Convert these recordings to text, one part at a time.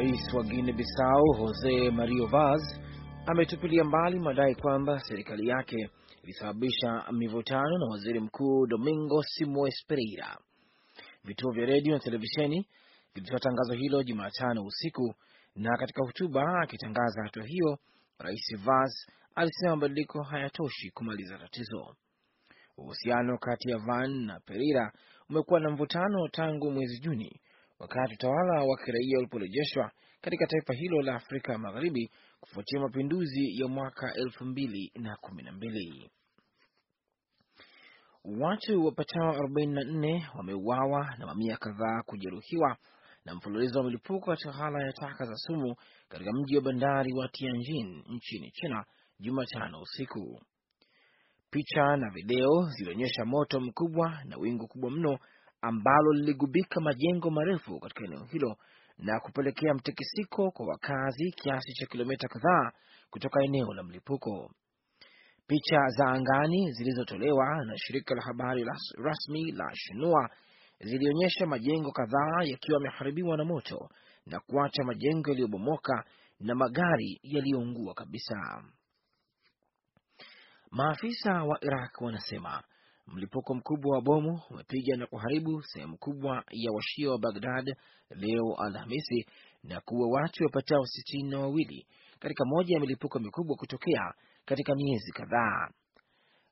Rais wa Guinea Bissau Jose Mario Vaz ametupilia mbali madai kwamba serikali yake ilisababisha mivutano na waziri mkuu Domingo Simoes Pereira. Vituo vya redio na televisheni vilitoa tangazo hilo Jumatano usiku, na katika hotuba akitangaza hatua hiyo, Rais Vaz alisema mabadiliko hayatoshi kumaliza tatizo. Uhusiano kati ya Van na Pereira umekuwa na mvutano tangu mwezi Juni wakati utawala wa kiraia uliporejeshwa katika taifa hilo la Afrika Magharibi kufuatia mapinduzi ya mwaka elfu mbili na kumi na mbili. Watu wapatao 44 wameuawa na mamia kadhaa kujeruhiwa na mfululizo wa milipuko katika hala ya taka za sumu katika mji wa bandari wa Tianjin nchini China Jumatano usiku. Picha na video zilionyesha moto mkubwa na wingu kubwa mno ambalo liligubika majengo marefu katika eneo hilo na kupelekea mtikisiko kwa wakazi kiasi cha kilomita kadhaa kutoka eneo la mlipuko. Picha za angani zilizotolewa na shirika la habari rasmi la Shinua zilionyesha majengo kadhaa yakiwa yameharibiwa na moto na kuacha majengo yaliyobomoka na magari yaliyoungua kabisa. Maafisa wa Iraq wanasema Mlipuko mkubwa wa bomu umepiga na kuharibu sehemu kubwa ya washia wa Bagdad leo Alhamisi na kuwa watu wapatao sitini na wawili katika moja ya milipuko mikubwa kutokea katika miezi kadhaa.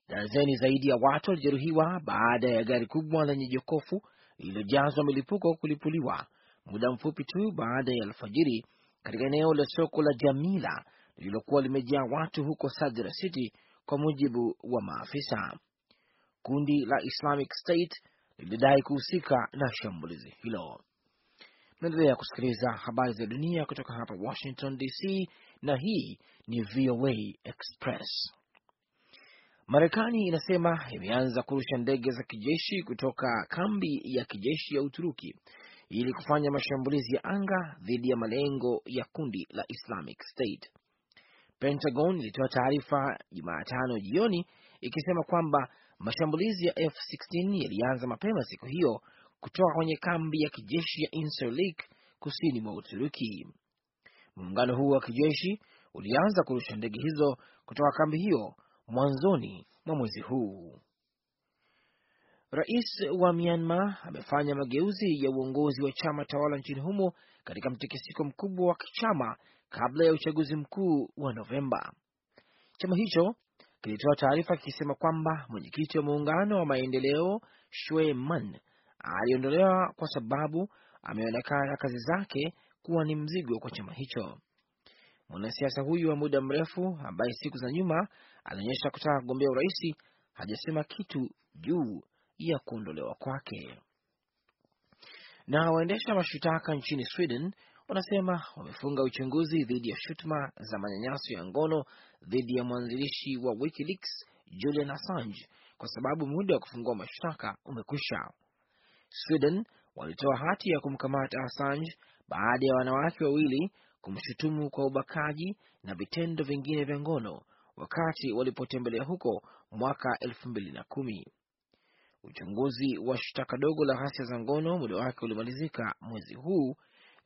Darzeni zaidi ya watu walijeruhiwa baada ya gari kubwa lenye jokofu lililojazwa milipuko kulipuliwa muda mfupi tu baada ya alfajiri katika eneo la soko la Jamila lililokuwa limejaa watu huko Sadra City, kwa mujibu wa maafisa. Kundi la Islamic State lilidai kuhusika na shambulizi hilo. Naendelea kusikiliza habari za dunia kutoka hapa Washington DC, na hii ni VOA Express. Marekani inasema imeanza kurusha ndege za kijeshi kutoka kambi ya kijeshi ya Uturuki ili kufanya mashambulizi ya anga dhidi ya malengo ya kundi la Islamic State. Pentagon ilitoa taarifa Jumatano jioni ikisema kwamba Mashambulizi ya F-16 yalianza mapema siku hiyo kutoka kwenye kambi ya kijeshi ya Incirlik kusini mwa Uturuki. Muungano huo wa kijeshi ulianza kurusha ndege hizo kutoka kambi hiyo mwanzoni mwa mwezi huu. Rais wa Myanmar amefanya mageuzi ya uongozi wa chama tawala nchini humo katika mtikisiko mkubwa wa kichama kabla ya uchaguzi mkuu wa Novemba. Chama hicho kilitoa taarifa kikisema kwamba mwenyekiti wa muungano wa maendeleo Shwe Man aliondolewa kwa sababu ameonekana kazi zake kuwa ni mzigo kwa chama hicho. Mwanasiasa huyu wa muda mrefu ambaye siku za nyuma alionyesha kutaka kugombea urais hajasema kitu juu ya kuondolewa kwake. Na waendesha mashitaka nchini Sweden wanasema wamefunga uchunguzi dhidi ya shutuma za manyanyaso ya ngono dhidi ya mwanzilishi wa WikiLeaks Julian Assange kwa sababu muda wa kufungua mashtaka umekwisha. Sweden walitoa hati ya kumkamata Assange baada ya wanawake wawili kumshutumu kwa ubakaji na vitendo vingine vya ngono wakati walipotembelea huko mwaka elfu mbili na kumi. Uchunguzi wa shtaka dogo la ghasia za ngono muda wake ulimalizika mwezi huu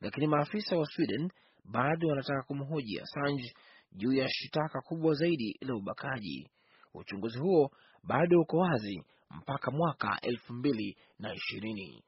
lakini maafisa wa Sweden bado wanataka kumhoji Assange juu ya shitaka kubwa zaidi la ubakaji. Uchunguzi huo bado uko wazi mpaka mwaka elfu mbili na ishirini.